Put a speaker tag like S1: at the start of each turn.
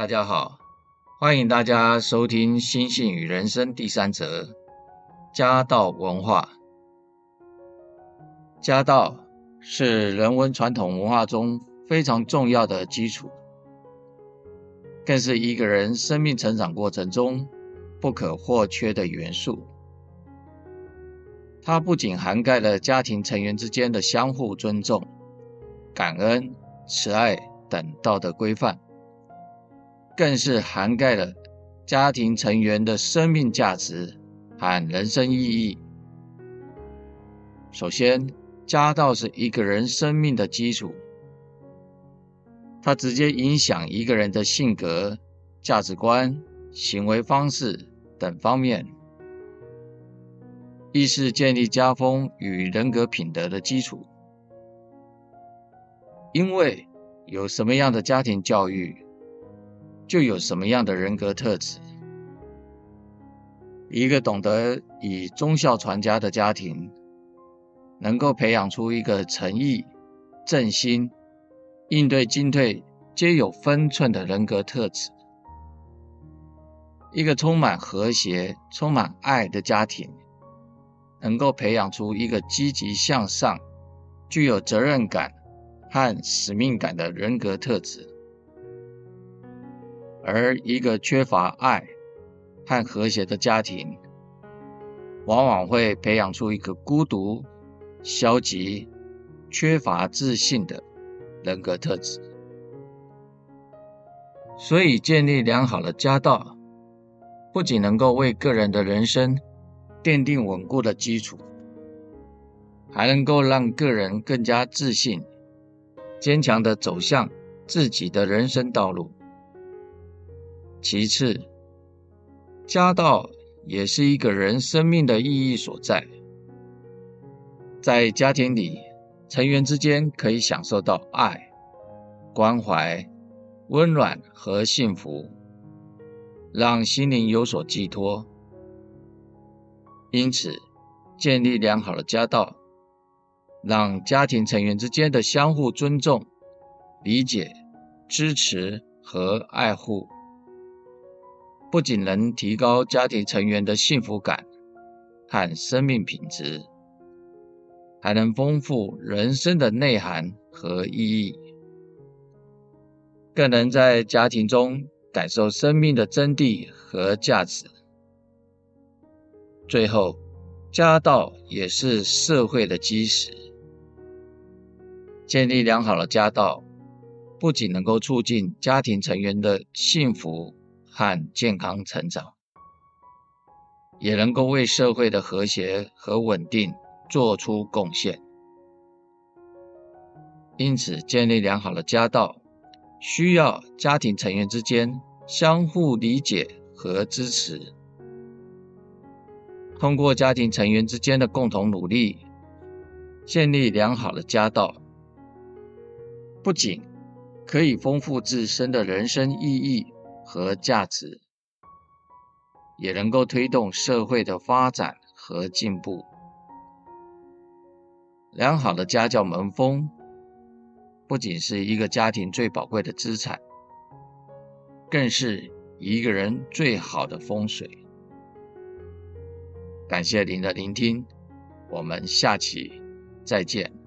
S1: 大家好，歡迎大家收聽《心性與人生》第三則：家道文化。家道是人文傳統文化中非常重要的基礎，更是一個人生命成長過程中不可或缺的元素。它不僅涵蓋了家庭成員之間的相互尊重、感恩、慈愛等道德規範。更是涵蓋了家庭成員的生命價值和人生意義。首先，家道是一個人生命的基礎，它直接影響一個人的性格、價值觀、行為方式等方面，亦是建立家風與人格品德的基礎。因為有什麼樣的家庭教育。就有什麼樣的人格特質。一個懂得以忠孝傳家的家庭，能夠培養出一個誠意、正心、應對進退皆有分寸的人格特質。一個充滿和諧、充滿愛的家庭，能夠培養出一個積極向上、具有責任感和使命感的人格特質。而一個缺乏愛和和諧的家庭，往往會培養出一個孤獨、消極、缺乏自信的人格特質。所以，建立良好的家道，不僅能夠為個人的人生奠定穩固的基礎，還能夠讓個人更加自信、堅強地走向自己的人生道路。其次，家道也是一個人生命的意義所在。在家庭裡，成員之間可以享受到愛、關懷、溫暖和幸福，讓心靈有所寄托。因此，建立良好的家道，讓家庭成員之間的相互尊重、理解、支持和愛護。不僅能提高家庭成員的幸福感和生命品質，還能豐富人生的內涵和意義，更能在家庭中感受生命的真諦和價值。最後，家道也是社會的基石。建立良好的家道，不僅能夠促進家庭成員的幸福。和健康成長，也能夠為社會的和諧和穩定做出貢獻。因此，建立良好的家道，需要家庭成員之間相互理解和支持。通過家庭成員之間的共同努力，建立良好的家道，不僅可以豐富自身的人生意義，和價值，也能夠推動社會的發展和進步。良好的家教門風，不僅是一個家庭最寶貴的資產，更是一個人最好的風水。感謝您的聆聽，我們下期再見。